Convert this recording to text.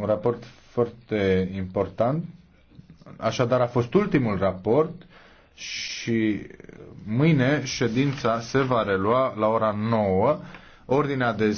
un raport foarte important. Așadar, a fost ultimul raport și mâine ședința se va relua la ora 9. Ordinea de